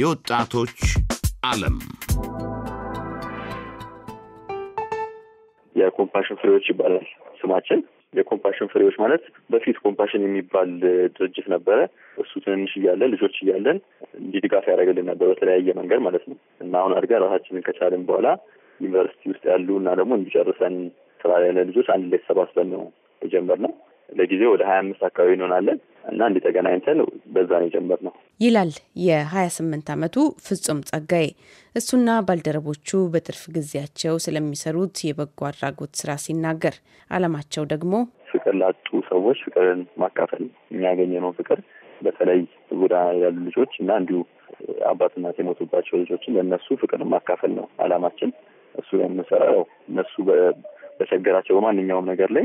የወጣቶች ዓለም የኮምፓሽን ፍሬዎች ይባላል ስማችን። የኮምፓሽን ፍሬዎች ማለት በፊት ኮምፓሽን የሚባል ድርጅት ነበረ። እሱ ትንንሽ እያለን ልጆች እያለን እንዲህ ድጋፍ ያደረግልን ነበር፣ በተለያየ መንገድ ማለት ነው እና አሁን አድጋ ራሳችንን ከቻልን በኋላ ዩኒቨርሲቲ ውስጥ ያሉ እና ደግሞ እንዲጨርሰን ስራ ያለ ልጆች አንድ ላይ ተሰባስበን ነው የጀመርነው። ለጊዜው ወደ ሀያ አምስት አካባቢ እንሆናለን እና እንዲ ተገናኝተን በዛ ነው የጀመርነው ይላል የሀያ ስምንት ዓመቱ ፍጹም ጸጋዬ። እሱና ባልደረቦቹ በትርፍ ጊዜያቸው ስለሚሰሩት የበጎ አድራጎት ስራ ሲናገር አላማቸው ደግሞ ፍቅር ላጡ ሰዎች ፍቅርን ማካፈል የሚያገኘነው ፍቅር በተለይ ጉዳ ያሉ ልጆች እና እንዲሁ አባትና የሞቱባቸው ልጆችን ለእነሱ ፍቅር ማካፈል ነው አላማችን። እሱ የምንሰራው እነሱ በቸገራቸው በማንኛውም ነገር ላይ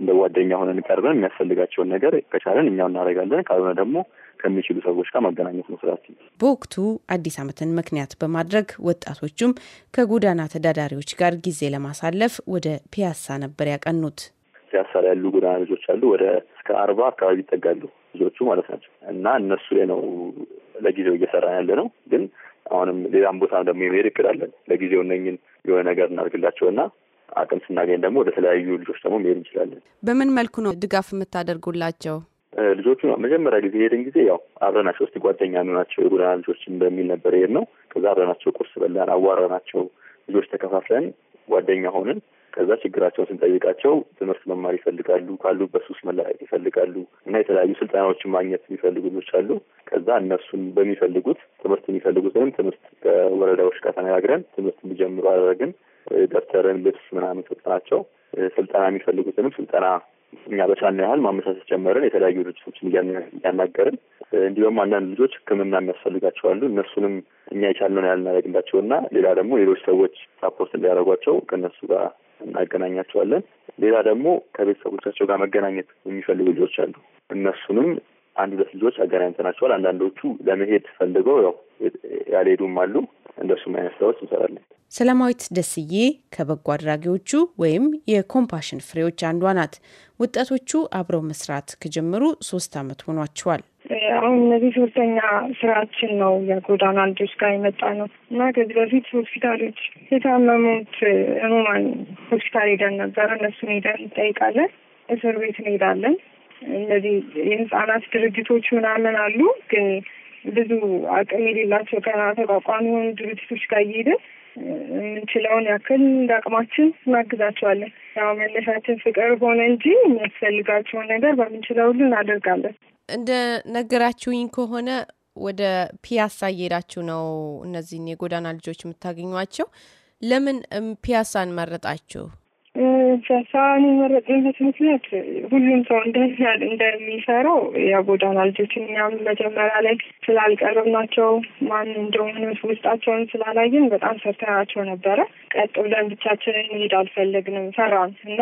እንደ ጓደኛ ሆነን ቀርበን የሚያስፈልጋቸውን ነገር ከቻለን እኛው እናደርጋለን። ካልሆነ ደግሞ ከሚችሉ ሰዎች ጋር ማገናኘት ነው ስራችን። በወቅቱ አዲስ ዓመትን ምክንያት በማድረግ ወጣቶቹም ከጎዳና ተዳዳሪዎች ጋር ጊዜ ለማሳለፍ ወደ ፒያሳ ነበር ያቀኑት። ፒያሳ ላይ ያሉ ጎዳና ልጆች አሉ። ወደ እስከ አርባ አካባቢ ይጠጋሉ ልጆቹ ማለት ናቸው። እና እነሱ ላይ ነው ለጊዜው እየሰራ ያለ ነው ግን አሁንም ሌላም ቦታ ደግሞ የመሄድ እቅዳለን። ለጊዜው እነኝን የሆነ ነገር እናርግላቸው እና አቅም ስናገኝ ደግሞ ወደ ተለያዩ ልጆች ደግሞ መሄድ እንችላለን። በምን መልኩ ነው ድጋፍ የምታደርጉላቸው? ልጆቹ መጀመሪያ ጊዜ ሄድን ጊዜ ያው አብረናቸው እስቲ ጓደኛ ናቸው የጎዳና ልጆችን በሚል ነበር ሄድ ነው። ከዛ አብረናቸው ቁርስ በላን፣ አዋራናቸው። ልጆች ተከፋፍለን ጓደኛ ሆንን። ከዛ ችግራቸውን ስንጠይቃቸው ትምህርት መማር ይፈልጋሉ፣ ካሉበት ሱስ መላቀቅ ይፈልጋሉ እና የተለያዩ ስልጠናዎችን ማግኘት የሚፈልጉ ልጆች አሉ። ከዛ እነሱን በሚፈልጉት ትምህርት የሚፈልጉትንም ትምህርት ከወረዳዎች ጋር ተነጋግረን ትምህርት እንዲጀምሩ አደረግን። ደብተርን፣ ልብስ ምናምን ሰጠናቸው። ስልጠና የሚፈልጉትንም ስልጠና እኛ በቻልን ያህል ማመቻቸት ጀመርን። የተለያዩ ድርጅቶችን እያናገርን እንዲሁም አንዳንድ ልጆች ሕክምና የሚያስፈልጋቸው አሉ። እነሱንም እኛ የቻልነውን ያህል እናደርግላቸው እና ሌላ ደግሞ ሌሎች ሰዎች ሳፖርት እንዲያደርጓቸው ከእነሱ ጋር እናገናኛቸዋለን። ሌላ ደግሞ ከቤተሰቦቻቸው ጋር መገናኘት የሚፈልጉ ልጆች አሉ። እነሱንም አንድ ሁለት ልጆች አገናኝተናቸዋል። አንዳንዶቹ ለመሄድ ፈልገው ያው ያልሄዱም አሉ። እንደሱም አይነት ስራዎች እንሰራለን። ሰላማዊት ደስዬ ከበጎ አድራጊዎቹ ወይም የኮምፓሽን ፍሬዎች አንዷ ናት። ወጣቶቹ አብረው መስራት ከጀመሩ ሶስት አመት ሆኗቸዋል። አሁን እነዚህ ሶስተኛ ስራችን ነው። የጎዳና ልጆች ጋር የመጣ ነው እና ከዚህ በፊት ሆስፒታሎች የታመሙት ህሙማን ሆስፒታል ሄደን ነበረ። እነሱን ሄደን እንጠይቃለን። እስር ቤት እንሄዳለን። እነዚህ የህፃናት ድርጅቶች ምናምን አሉ፣ ግን ብዙ አቅም የሌላቸው ገና ተቋቋሚ የሆኑ ድርጅቶች ጋር እየሄደን የምንችለውን ያክል እንደ አቅማችን እናግዛቸዋለን። ያው መለሻችን ፍቅር ሆነ እንጂ የሚያስፈልጋቸውን ነገር በምንችለው ሁሉ እናደርጋለን። እንደ ነገራችሁኝ ከሆነ ወደ ፒያሳ እየሄዳችሁ ነው እነዚህን የጎዳና ልጆች የምታገኟቸው። ለምን ፒያሳን መረጣችሁ? ሳሳን የመረጥንበት ምክንያት ሁሉም ሰው እንደሚሰራው የጎዳና ልጆች እኛም መጀመሪያ ላይ ናቸው ማን እንደሆነ ውስጣቸውን ስላላየን በጣም ሰርተናቸው ነበረ። ቀጥ ብለን ብቻችንን እንሄድ አልፈለግንም። ሰራን እና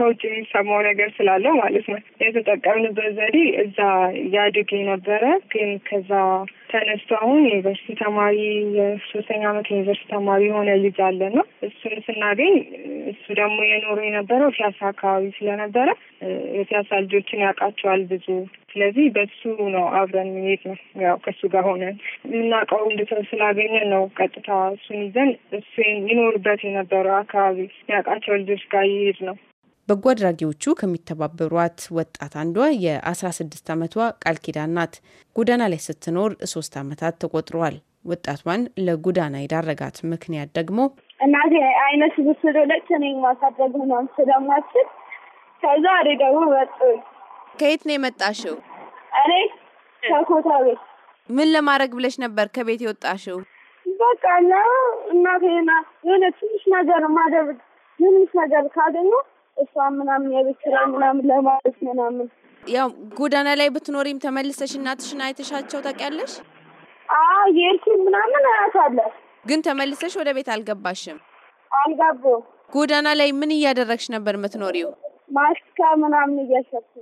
ከውጭ የሚሰማው ነገር ስላለው ማለት ነው። የተጠቀምንበት ዘዴ እዛ ያድግ የነበረ ግን ከዛ ተነስቶ አሁን ዩኒቨርሲቲ ተማሪ የሶስተኛ ዓመት ዩኒቨርሲቲ ተማሪ የሆነ ልጅ አለ ነው። እሱን ስናገኝ እሱ ደግሞ የኖሩ የነበረው ፒያሳ አካባቢ ስለነበረ የፒያሳ ልጆችን ያውቃቸዋል ብዙ። ስለዚህ በሱ ነው አብረን የምንሄድ ነው። ያው ከሱ ጋር ሆነን የምናውቀው እንድተው ስላገኘ ነው ቀጥታ እሱን ይዘን እሱ ይኖርበት የነበረው አካባቢ ያውቃቸው ልጆች ጋር ይሄድ ነው። በጎ አድራጊዎቹ ከሚተባበሯት ወጣት አንዷ የ16 ዓመቷ ቃል ኪዳን ናት። ጎዳና ላይ ስትኖር ሶስት ዓመታት ተቆጥረዋል። ወጣቷን ለጎዳና የዳረጋት ምክንያት ደግሞ እናቴ አይነ ስውር ስለሆነች እኔን ማሳደግ ምናምን ስለማትችል ከዛ እኔ ደግሞ መጡ። ከየት ነው የመጣሽው? እኔ ከኮታ ቤት። ምን ለማድረግ ብለሽ ነበር ከቤት የወጣሽው? በቃ እና እናቴና የሆነ ትንሽ ነገር ማደርግ ትንሽ ነገር ካገኘሁ እሷ ምናምን የቤት ስራ ምናምን ለማለት ምናምን ያው ጎዳና ላይ ብትኖሪም ተመልሰሽ እናትሽን አይተሻቸው ታውቂያለሽ? አዎ የሄድኩኝ ምናምን አያታለሁ። ግን ተመልሰሽ ወደ ቤት አልገባሽም? አልገባሁም። ጎዳና ላይ ምን እያደረግሽ ነበር የምትኖሪው? ማስካ ምናምን እያሸኩ።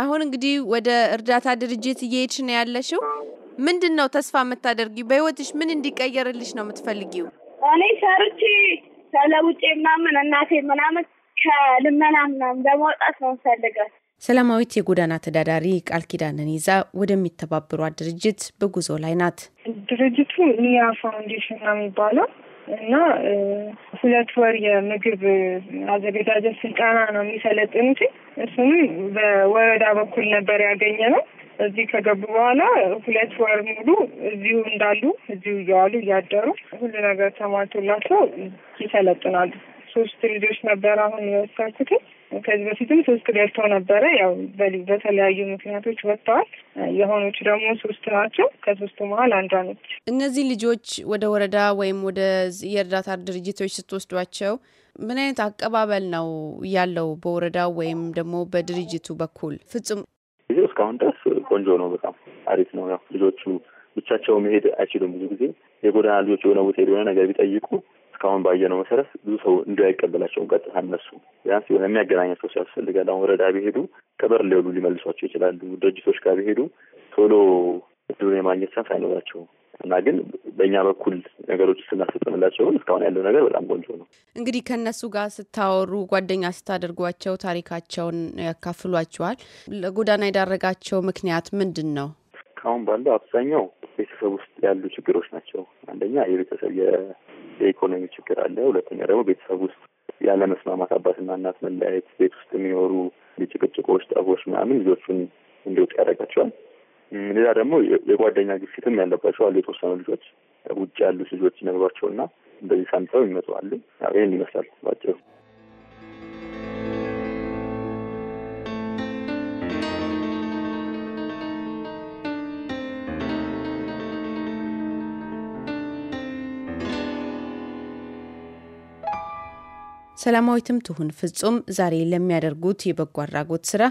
አሁን እንግዲህ ወደ እርዳታ ድርጅት እየሄድሽ ነው ያለሽው። ምንድን ነው ተስፋ የምታደርጊው? በህይወትሽ ምን እንዲቀየርልሽ ነው የምትፈልጊው? እኔ ሰርቼ ተለውጬ ምናምን እናቴ ምናምን ከልመና ምናምን ለመውጣት ነው ፈልገው ሰላማዊት የጎዳና ተዳዳሪ ቃል ኪዳንን ይዛ ወደሚተባበሯት ድርጅት በጉዞ ላይ ናት። ድርጅቱ ኒያ ፋውንዴሽን ነው የሚባለው እና ሁለት ወር የምግብ አዘገጃጀት ስልጠና ነው የሚሰለጥኑት። እሱንም በወረዳ በኩል ነበር ያገኘ ነው። እዚህ ከገቡ በኋላ ሁለት ወር ሙሉ እዚሁ እንዳሉ እዚሁ እየዋሉ እያደሩ ሁሉ ነገር ተሟልቶላቸው ይሰለጥናሉ። ሶስት ልጆች ነበር አሁን የወሰንኩት። ከዚህ በፊትም ሶስት ደርተው ነበረ። ያው በተለያዩ ምክንያቶች ወጥተዋል። የሆኖች ደግሞ ሶስት ናቸው። ከሶስቱ መሀል አንዷ ነች። እነዚህ ልጆች ወደ ወረዳ ወይም ወደ የእርዳታ ድርጅቶች ስትወስዷቸው ምን አይነት አቀባበል ነው ያለው በወረዳው ወይም ደግሞ በድርጅቱ በኩል? ፍጹም እስካሁን ድረስ ቆንጆ ነው። በጣም አሪፍ ነው። ያው ልጆቹ ብቻቸው መሄድ አይችሉም። ብዙ ጊዜ የጎዳና ልጆች የሆነ ቦታ የሆነ ነገር ቢጠይቁ እስካሁን ባየነው መሰረት ብዙ ሰው እንዳይቀበላቸውን ቀጥታ እነሱ ቢያንስ የሆነ የሚያገናኛቸው ሰው ያስፈልጋል። አሁን ወረዳ ቢሄዱ ቀበር ሊሆኑ ሊመልሷቸው ይችላሉ። ድርጅቶች ጋር ቢሄዱ ቶሎ እድሉን የማግኘት ሳንስ አይኖራቸው እና ግን በእኛ በኩል ነገሮች ስናስጠምላቸው እስካሁን ያለው ነገር በጣም ቆንጆ ነው። እንግዲህ ከእነሱ ጋር ስታወሩ፣ ጓደኛ ስታደርጓቸው ታሪካቸውን ያካፍሏቸዋል። ለጎዳና የዳረጋቸው ምክንያት ምንድን ነው? እስካሁን ባለው አብዛኛው ቤተሰብ ውስጥ ያሉ ችግሮች ናቸው። አንደኛ የቤተሰብ የኢኮኖሚ ችግር አለ። ሁለተኛ ደግሞ ቤተሰብ ውስጥ ያለ መስማማት፣ አባትና እናት መለያየት፣ ቤት ውስጥ የሚኖሩ ጭቅጭቆች፣ ጠቦች ምናምን ልጆቹን እንዲወጡ ያደርጋቸዋል። ሌላ ደግሞ የጓደኛ ግፊትም ያለባቸው አሉ። የተወሰኑ ልጆች ውጭ ያሉት ልጆች ይነግሯቸውና እንደዚህ ሳምተው ይመጡ አሉ። ይህን ይመስላል ባጭሩ። ሰላማዊትም ትሁን ፍጹም ዛሬ ለሚያደርጉት የበጎ አድራጎት ስራ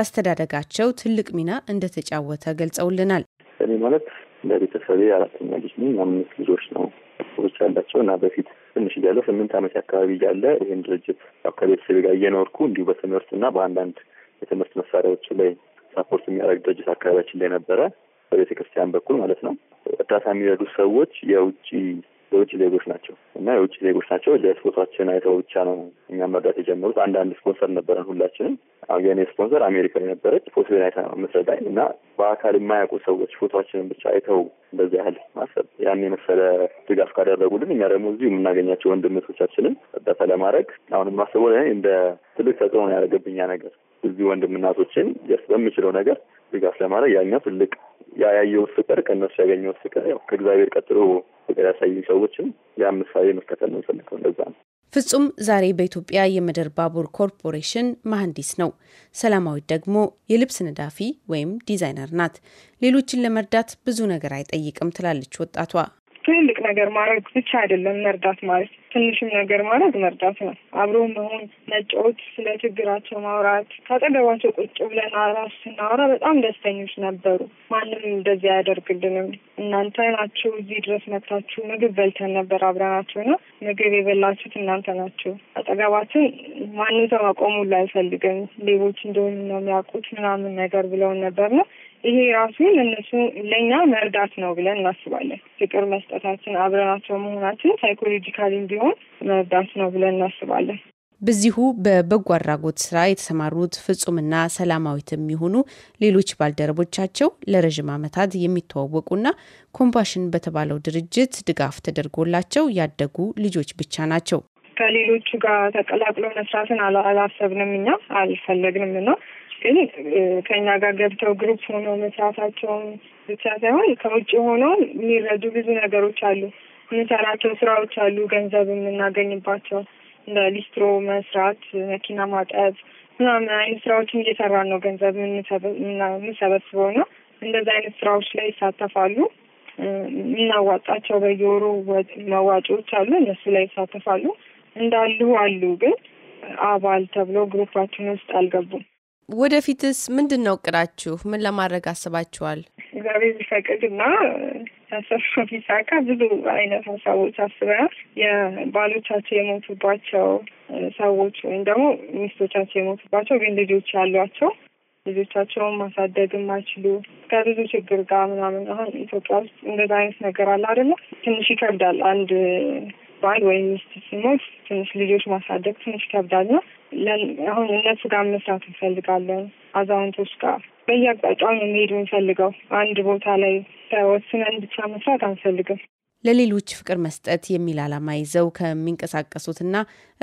አስተዳደጋቸው ትልቅ ሚና እንደተጫወተ ገልጸውልናል። እኔ ማለት በቤተሰቤ አራተኛ ልጅ ነኝ። አምስት ልጆች ነው ሰዎች ያላቸው እና በፊት ትንሽ እያለሁ ስምንት ዓመት አካባቢ እያለ ይህን ድርጅት ከቤተሰብ ጋር እየኖርኩ እንዲሁ በትምህርትና በአንዳንድ የትምህርት መሳሪያዎች ላይ ሳፖርት የሚያደርግ ድርጅት አካባቢያችን ላይ ነበረ። በቤተክርስቲያን በኩል ማለት ነው። እርዳታ የሚረዱ ሰዎች የውጭ የውጭ ዜጎች ናቸው እና የውጭ ዜጎች ናቸው። ፎቶችን አይተው ብቻ ነው እኛ መርዳት የጀመሩት። አንዳንድ ስፖንሰር ነበረን ሁላችንም። የኔ ስፖንሰር አሜሪካዊ የነበረች ፎቶን አይታ ነው መስረዳኝ እና በአካል የማያውቁ ሰዎች ፎቶችንን ብቻ አይተው እንደዚህ ያህል ማሰብ ያን የመሰለ ድጋፍ ካደረጉልን እኛ ደግሞ እዚሁ የምናገኛቸው ወንድምቶቻችንን እርዳታ ለማድረግ አሁንም ማሰቡ እንደ ትልቅ ተጽዕኖ ያደረገብኛ ነገር እዚህ ወንድምናቶችን በምችለው ነገር ድጋፍ ለማድረግ ያኛው ትልቅ ያ ያየሁት ፍቅር ከእነሱ ያገኘሁት ፍቅር ያው ከእግዚአብሔር ቀጥሎ ፍቅር ያሳዩኝ ሰዎችም ያ ምሳሌ መከተል ነው ፈልገው እንደዛ ነው። ፍጹም ዛሬ በኢትዮጵያ የምድር ባቡር ኮርፖሬሽን መሐንዲስ ነው። ሰላማዊት ደግሞ የልብስ ነዳፊ ወይም ዲዛይነር ናት። ሌሎችን ለመርዳት ብዙ ነገር አይጠይቅም ትላለች ወጣቷ። ትልልቅ ነገር ማድረግ ብቻ አይደለም መርዳት ማለት ትንሽም ነገር ማለት መርዳት ነው። አብሮ መሆን፣ መጫወት፣ ስለ ችግራቸው ማውራት፣ ካጠገባቸው ቁጭ ብለን ራሱ ስናወራ በጣም ደስተኞች ነበሩ። ማንም እንደዚህ አያደርግልንም። እናንተ ናችሁ እዚህ ድረስ መጥታችሁ ምግብ በልተን ነበር አብረናቸው ነው። ምግብ የበላችሁት እናንተ ናችሁ። አጠገባችን ማንም ሰው ማቆሙላ አይፈልግም። ሌቦች እንደሆኑ ነው የሚያውቁት ምናምን ነገር ብለውን ነበር ነው ይሄ ራሱ እነሱ ለእኛ መርዳት ነው ብለን እናስባለን። ፍቅር መስጠታችን፣ አብረናቸው መሆናችን ሳይኮሎጂካሊም ቢሆን መርዳት ነው ብለን እናስባለን። በዚሁ በበጎ አድራጎት ስራ የተሰማሩት ፍጹምና ሰላማዊት የሚሆኑ ሌሎች ባልደረቦቻቸው ለረዥም ዓመታት የሚተዋወቁና ኮምፓሽን በተባለው ድርጅት ድጋፍ ተደርጎላቸው ያደጉ ልጆች ብቻ ናቸው። ከሌሎቹ ጋር ተቀላቅሎ መስራትን አላሰብንም፣ እኛ አልፈለግንም ነው ግን ከኛ ጋር ገብተው ግሩፕ ሆነው መስራታቸውን ብቻ ሳይሆን ከውጭ ሆነው የሚረዱ ብዙ ነገሮች አሉ። የምንሰራቸው ስራዎች አሉ። ገንዘብ የምናገኝባቸው እንደ ሊስትሮ መስራት፣ መኪና ማጠብ ምናምን አይነት ስራዎችን እየሰራን ነው ገንዘብ የምንሰበስበው እና እንደዚ አይነት ስራዎች ላይ ይሳተፋሉ። የምናዋጣቸው በየወሩ መዋጮዎች አሉ። እነሱ ላይ ይሳተፋሉ። እንዳሉ አሉ ግን አባል ተብሎ ግሩፓችን ውስጥ አልገቡም። ወደፊትስ ምንድን ነው እቅዳችሁ? ምን ለማድረግ አስባችኋል? እግዚአብሔር ቢፈቅድ እና ያሰብሽው ቢሳካ ብዙ አይነት ሀሳቦች አስበናል። የባሎቻቸው የሞቱባቸው ሰዎች ወይም ደግሞ ሚስቶቻቸው የሞቱባቸው ግን ልጆች ያሏቸው ልጆቻቸውን ማሳደግ የማይችሉ ከብዙ ችግር ጋር ምናምን አሁን ኢትዮጵያ ውስጥ እንደዛ አይነት ነገር አለ አይደለ? ትንሽ ይከብዳል። አንድ ባል ወይም ሚስት ሲሞት ትንሽ ልጆች ማሳደግ ትንሽ ይከብዳል ነው። አሁን እነሱ ጋር መስራት እንፈልጋለን። አዛውንቶች ጋር በየአቅጣጫው ነው መሄድ የምንፈልገው። አንድ ቦታ ላይ ተወስነን ብቻ መስራት አንፈልግም። ለሌሎች ፍቅር መስጠት የሚል ዓላማ ይዘው ከሚንቀሳቀሱትና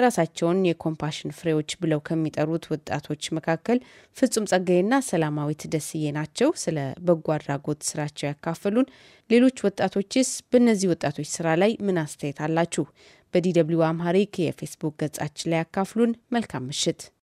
ራሳቸውን የኮምፓሽን ፍሬዎች ብለው ከሚጠሩት ወጣቶች መካከል ፍጹም ጸጋዬና ሰላማዊት ደስዬ ናቸው። ስለ በጎ አድራጎት ስራቸው ያካፈሉን። ሌሎች ወጣቶችስ በእነዚህ ወጣቶች ስራ ላይ ምን አስተያየት አላችሁ? በዲደብሊው አምሃሪክ የፌስቡክ ገጻችን ላይ ያካፍሉን። መልካም ምሽት።